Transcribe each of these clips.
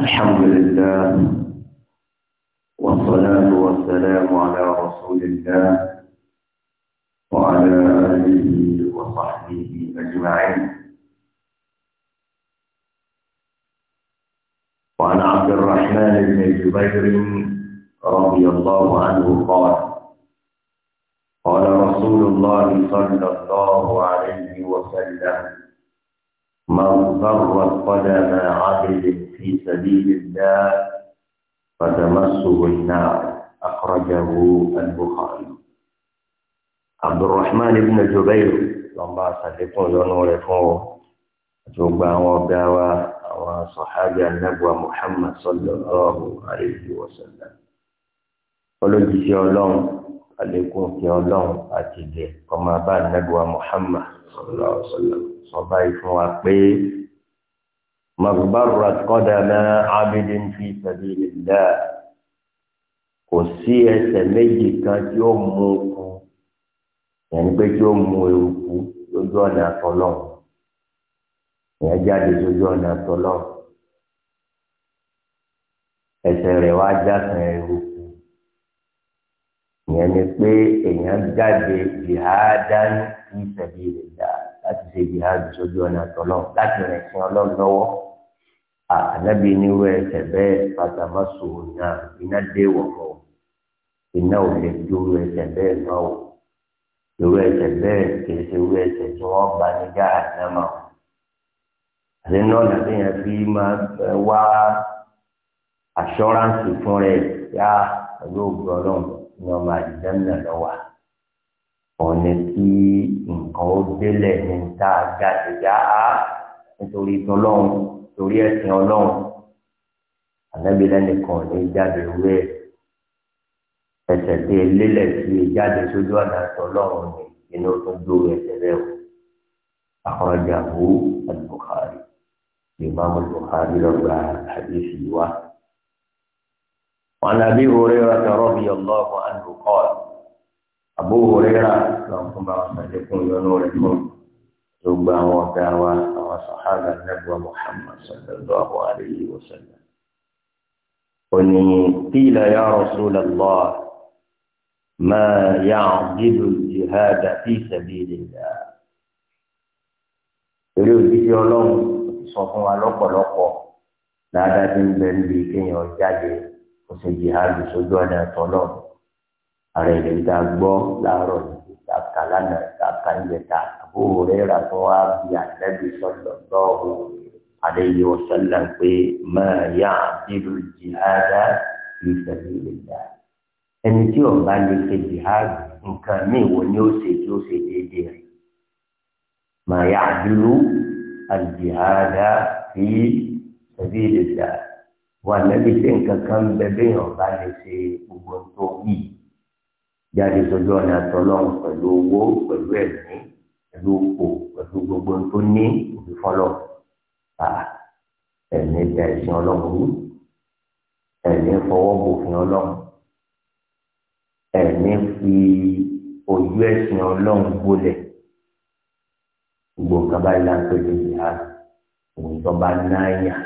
الحمد لله والصلاة والسلام على رسول الله وعلى آله وصحبه أجمعين وعن عبد الرحمن بن جبير رضي الله عنه قال قال رسول الله صلى الله عليه وسلم من ضرت قدم عبد في سبيل الله فتمسه النار أخرجه البخاري عبد الرحمن بن جبير lọ́nba àsàlékún lọ́nà rẹ̀ fún ọ àti gbogbo àwọn ọ̀gá wa àwọn sọ̀hábì anábùwà Muhammad sallallahu alayhi wa sallam olójijì ọlọ́run àlékún kí ọlọ́run àti ìdè kọ́má bá anábùwà Muhammad sọlá ọsọlá sọba ìfún wa pé magbarra kọdàmẹ abidin fi sabilillah kò sí ẹsẹ̀ méjì kan tí ó mú kú yẹnni pé tí ó mú ewu kú lójú ọ̀nà àtọ́lọ́ ìyẹn jáde lójú ọ̀nà àtọ́lọ́ ẹsẹ̀ rẹ̀ wá jásan ewu kú ìyẹn ni pé èèyàn jáde jìhádání fi sabilillah láti ṣe jihad sójú ọ̀nà tọ̀lọ̀ láti rìn sí ọlọ́run lọ́wọ́ ànábì níwọ̀ ẹsẹ̀ bẹ́ẹ̀ fatamasu náà iná dé wọ̀fọ̀ iná ò lè dúró ẹsẹ̀ bẹ́ẹ̀ náà o irú ẹsẹ̀ bẹ́ẹ̀ kìí ṣe irú ẹsẹ̀ tí wọ́n bá ní jáàdámà o àti náà làbí yẹn fi máa wá assurance fún rẹ̀ yá pẹ̀lú ògbọ́n náà ní ọmọ àdìdánilẹ̀ lọ́wọ́ àwọn ẹni nǹkan ó délẹ̀ ní ta gàdìgá á nítorí tọlọ́run torí ẹ̀sìn ọlọ́run ànábi lẹ́nìkan ò ní jáde wé ẹsẹ̀ tí e lélẹ̀ sí i jáde sójú ọ̀nà tọlọ́run ní inú tó dúró ẹsẹ̀ rẹ̀ o àkọ́jà wo al-Bukhari Imam al-Bukhari lọ́gbà àdéhùn yìí wá. وعن ابي هريره رضي الله عنه قال Abu Hurairah lọ́nkún bá wọn sàlékún yọnú rẹ̀ fún gba àwọn ọ̀gá wa àwọn sàhábà nẹ́bùwà Muhammad sallallahu alayhi wa sallam. Ó ní qila ya Rasulallah ma yà al-jihada fi sabilillah. Eré òjijì ọlọ́run sọ fún wa lọ́pọ̀lọpọ̀ dáadáa ti ń bẹ níbi kéèyàn jáde ó sì jihadu sójú ọ̀nà ẹ̀tọ́ náà. ààrẹ ilẹ̀ yìí tá a gbọ́ láàárọ̀ yìí tá a kà lánàá tá a kà ilẹ̀ tá a bó rẹ̀ rà tó wá bí àtẹ́bí sọ̀tọ̀ lọ́wọ́ ààrẹ yìí wọ́n sọ́lá pé máa yá àbílù jìhádá ní sẹ́yìn ilẹ̀ dá ẹni tí ò bá lè ṣe jìhádá nǹkan míì wo ni ó ṣe tí ó ṣe déédéé rẹ̀ máa yá àbílù àjìhádá sí sẹ́yìn ilẹ̀ dá wà lẹ́bi pé nǹkan kan bẹ bẹ́ẹ̀ ọ̀bá lè ṣe gbogbo tó yìí jáde sójú ọ̀nà àtọ́lọ́hún pẹ̀lú owó pẹ̀lú ẹ̀mí pẹ̀lú òkò pẹ̀lú gbogbo tó ní òbí fọlọ́ ẹ̀mí da ẹ̀sìn ọlọ́run rú ẹ̀mí fọwọ́ bòfin ọlọ́run ẹ̀mí fi ojú ẹ̀sìn ọlọ́run gbolẹ̀ gbogbo nǹkan báyìí láńpẹ́ lè jìhá òun tó bá náà yàn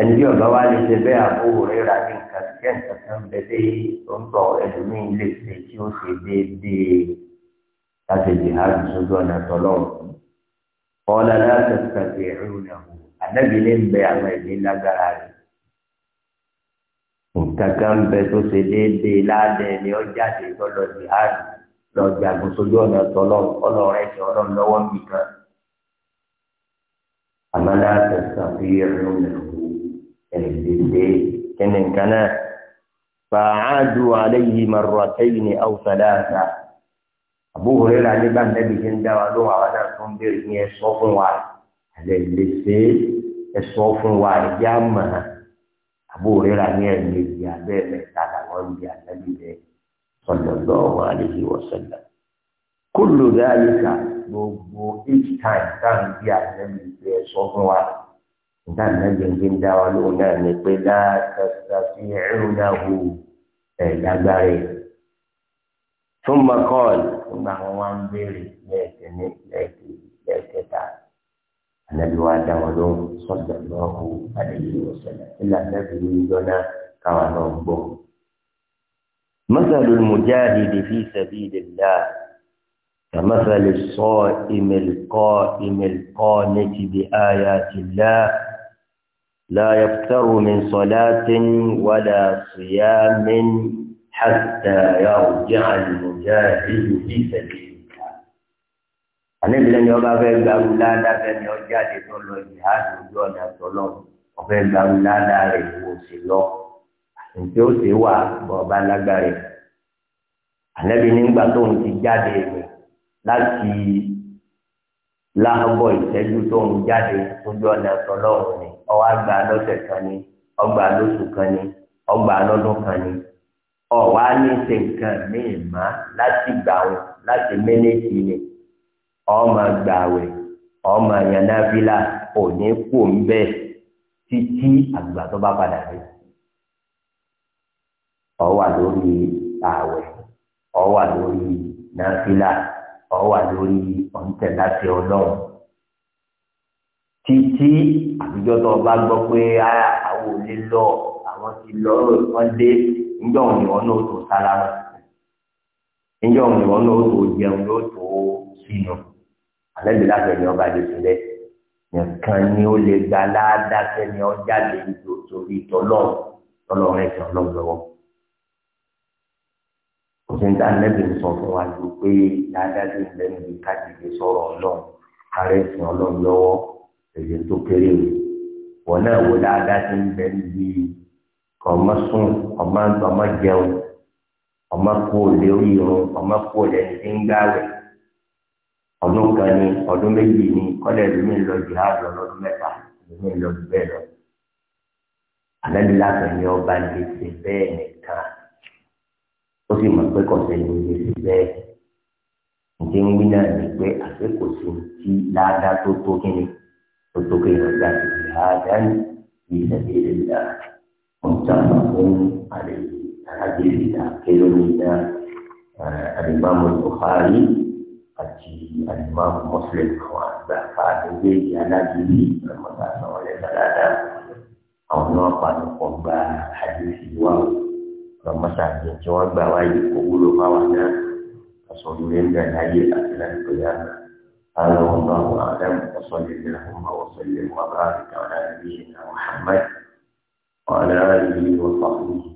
ẹni bí ọba wa lè ṣe bẹ́ẹ̀ àbúrò rẹ̀ rà ní nǹkan tí kẹ́ nǹkan kan bẹ dé tó ń bọ̀ ẹlòmíín lè ṣe tí ó ṣe déédéé láti jihad sójú ọ̀nà tọ́lọ́run kọ́lá láti ṣàtẹ̀ ẹ̀rù náà ànábì ní ń bẹ àwọn ẹ̀mí lágbára rẹ̀ nǹkan kan bẹ tó ṣe déédéé láàdẹ ni ó jáde lọ́lọ́ jihad lọ jagun sójú ọ̀nà tọ́lọ́run ọlọ́run ẹ̀ṣẹ̀ ọlọ́run lọ́wọ́ ẹ̀ẹ́dẹ̀gbẹ̀ kíni nǹkan náà fàáàdù aláyhi marratayn aw thalatha Abu Hurairah nígbà nẹ́bí ṣe ń dá wa lóhùn àwọn náà tó ń bèrè ní ẹ sọ fún wa àlẹ́ lè ṣe ẹ sọ fún wa ẹ̀jẹ̀ àmà Abu Hurairah ní ẹ̀ẹ́dẹ̀gbẹ̀ abẹ́ mẹ́ta làwọn ń bí àtẹ́bí rẹ̀ sallallahu alayhi wa nígbà nàbí ń gbé ń dá wa lóhùn náà ni pé láàtàtà sí ẹrùn náà wò ẹ lágbára ẹ fún mọkọọlù nígbà wọn wá ń béèrè lẹẹkẹ ní lẹẹkẹ lẹẹkẹta ànábi wa dá wọn náà wò àdéhùn ìwòsàn ìlànà ìlú náà káwọn náà gbọ́. مثل المجاهد في سبيل الله كمثل الصائم القائم القانت بآيات الله لا يفتر من صلاة ولا صيام حتى يرجع المجاهد في سبيل الله àníbi lẹ́yìn ọba fẹ́ gba wúládá fẹ́mi ọjáde tó lọ ìhádùn ojú ọ̀nà tọ́lọ́ ọ̀fẹ́ gba wúládá rẹ̀ wò sí lọ ǹjẹ́ ó sì wà bọ̀ọ̀bá lágbára àníbi nígbà tó ń ti jáde rẹ̀ láti láàbọ̀ ìṣẹ́jú tó ń jáde ojú ọ̀nà tọ́lọ́ rẹ̀ ọwọ́ àgbà lọ́sẹ̀ kan ni ọgbà lóṣù kan ni ọgbà lọ́dún kan ni ọwọ́ á ní ṣe nǹkan míì má láti gbà wọn láti méjèèjì ni ọmọ gbàwẹ̀ ọmọ yanáfílà òní kò ń bẹ títí àgbà tó bá padà dé ọwà lórí ààwẹ̀ ọwà lórí náfílà ọwà lórí ọ̀ǹtẹ̀ láti ọlọ́run títí àtijọ́ tó bá gbọ́ pé ah, àwọn olè lọ àwọn ti lọ wọn dé níjọ́ òun ni wọn náà tó sálámà níjọ́ òun ni wọn náà tó jẹun ló tó sínú àlẹ́bí láti ẹni ọba lè sílẹ̀ nìkan ni ó lè gba aládàáfẹ́ ni ó jáde nítorí tọ́lọ́ tọ́lọ́ rẹ̀ tí ọlọ́run lọ́wọ́ kò sọ fún wa ju pé dáadáa ti ń sọ̀rọ̀ ọlọ́run kárẹ́ ìsìn lọ́wọ́ èyí tó kéré o wọn náà wò dáadáa ti ń bẹ níbi ọmọ sùn ọmọ ọmọ jẹun ọmọ kú òlé oríirun ọmọ kú òlé ẹni tí ń gbáwẹ̀ ọdún kan ní ọdún méjì ní kọlẹ lómi ń lọ jihad lọdún mẹ́ta lómi ń lọ jù bẹ́ẹ̀ lọ alẹ́ láti ọba lè ṣe bẹ́ẹ̀ nìkan ó sì mọ̀ pé kọ̀ọ̀sẹ̀ ni lè ṣe bẹ́ẹ̀ ǹjẹ́ ń wí náà ni pé àṣẹ kò sí ti ládàá tó tó kí وتقيم الناس جهادا في سبيل الله متفق عليه الحديث تأكلنا الإمام البخاري أتي الإمام مسلم وأتباع بيجي على ديني المتاسع والثلاثة أو نوقع نقوم بحديث واو لما سأجد جواب بواجب قبول فوانا أصول من ذلك أثناء القيامة قال والله أعلم وصل اللهم وسلم وبارك على نبينا محمد وعلى آله وصحبه